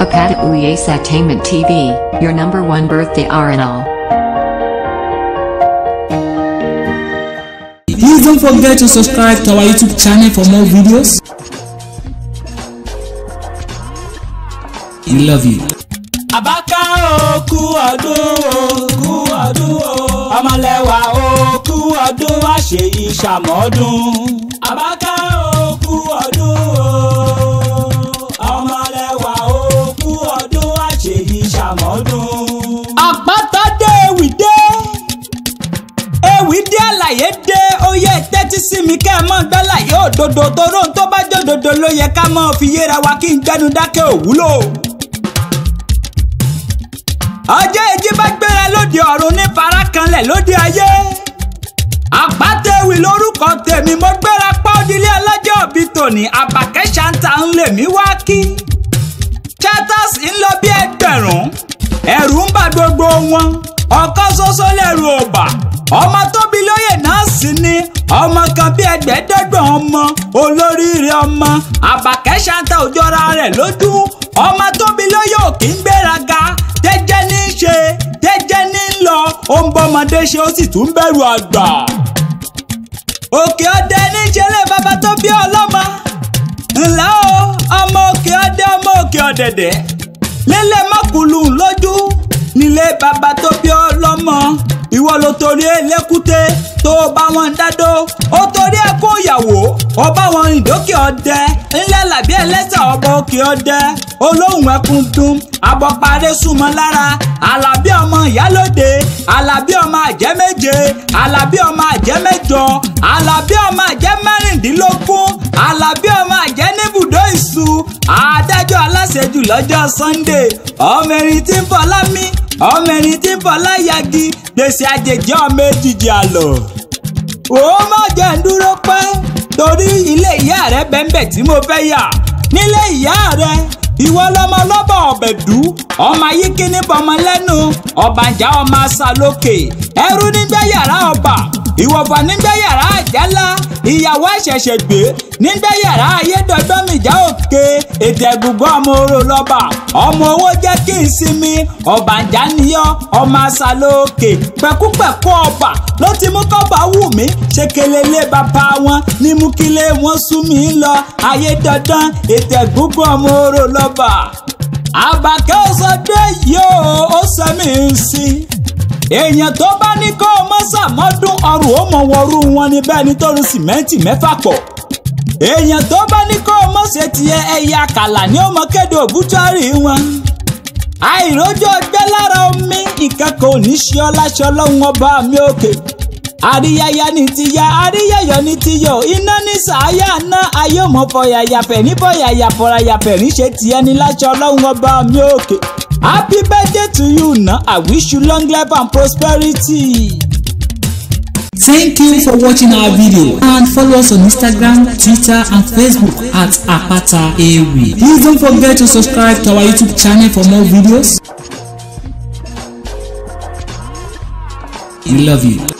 Apata Uyasatainment TV, your number one birthday RNL. Please don't forget to subscribe to our YouTube channel for more videos. We love you. Abaka o ku ọdún o ku ọdún o amalewa o ku ọdún wá ṣe modun Abaka ọdún. àpáta dé ewì dé ewì dé àlàyé dé ó yẹ tẹ́tí sí mi kẹ́ ẹ mọ́ gbọ́láyé òdodo toró tó bá jòdòdò ló yẹ ká mọ́ fi yéra wa kí n gbẹ́nu dákẹ́ òwúlò. ọjọ́ èjì bá gbéra lóde ọ̀run ní farakanlẹ̀ lóde ayé àpáta ewì lórúkọ tèmi mo gbéra pọ́ọ́dílé ọlọ́jọ́ òbí tòní àbàkẹ́ ṣáńtà ń lèmi wá kí. chatters ń lọ bí ẹgbẹ̀rún. ẹ̀rù ń gbogbo wọn ọkọ ṣoṣo lẹ̀rù ọba ọma ọmọ tóbi lóyè náà sì ni ọmọ kan bí ẹgbẹ̀ẹ́dọ́gbọ̀n ọmọ olóríire ọmọ àbàkẹ́ ṣanta òjọra rẹ̀ lójú ọmọ tóbi lóyè ò ń gbéraga ní í ṣe ní í lọ ó ń ṣe ó òkè ọdẹ ní í ṣeré bàbá o ọmọ òkè ọdẹ ọmọ òkè kúlùn lójú nílé bàbá tó bí ọlọ́mọ ìwọ ló torí elékúté tó bá wọn dádó ó torí ẹ kó ìyàwó ọba wọn ìdókè ọdẹ ńlẹ làbí ẹlẹsẹ ọba òkè ọdẹ olóhùn ẹkún dún abọparẹ súnmọ́ lára alábí ọmọ ìyálóde alábí ọmọ àjẹméje alábí ọmọ àjẹmẹ́jọ alábí ọmọ. ṣẹ́jú lọ́jọ́ Sunday ọmọ ẹni tí ń bọ̀ lámì ọmọ ẹni tí ń bọ̀ láyàgì gbèsè àjèjì ọmọ èjìjì àlọ́. òun má jẹ́ ń dúró pẹ́ torí ilé ìyá rẹ bẹ́ńbẹ̀ tí mo fẹ́ yà nílé ìyá rẹ ìwọ lọmọ lọ́bọ̀ ọ̀bẹ̀ dú ọmọ ayíkí níbọn ọmọ lẹ́nu ọ̀bàjá ọmọ asálókè ẹrú nígbà yàrá ọba ìwọ̀fà nígbà yàrá àjálá ìyàwó ẹ̀ṣẹ̀ṣẹ̀ gbé nígbẹ́ yàrá ayédọ̀gbọ́n mi já òkè ètò ẹ̀gbùgbọ́ ọmọ oró lọ́ba ọmọ owó jẹ́ kí n sinmi ọ̀bànjá níyọ́ ọmọ àṣà lókè pẹ̀kúpẹ̀kú ọba ló ti mú kọ́ba wù mí ṣèkélélé bàbá wọn ní mú kílé wọn sún mi lọ ayédọ̀dán ètò ẹ̀gbùgbọ́ ọmọ oró lọ́ba àbàkẹ́ ọ̀sọ́dẹ́ yìí ó sẹ́mi ń sin. èèyàn tó bá ní kó o mọ́ sàmọ́dún ọrùn ó mọ̀ wọn ni bẹ́ẹ̀ nítorí sìmẹ́ǹtì mẹ́fà pọ̀ èèyàn tó bá ní kó o ṣe tiẹ̀ ẹ̀yà kàlà ni ó mọ kéde wọn àìrójú ọgbẹ́ lára omi nǹkan ọba mi òkè ni ti ya àríyáyọ ni ti yọ iná ní sàáyà ná ayé happy birthday to you na i wish you long life and prosperity. Thank you for watching our video and follow us on Instagram, Twitter and Facebook at Apata Ewi. Please don't forget to subscribe to our YouTube channel for more videos. We love you.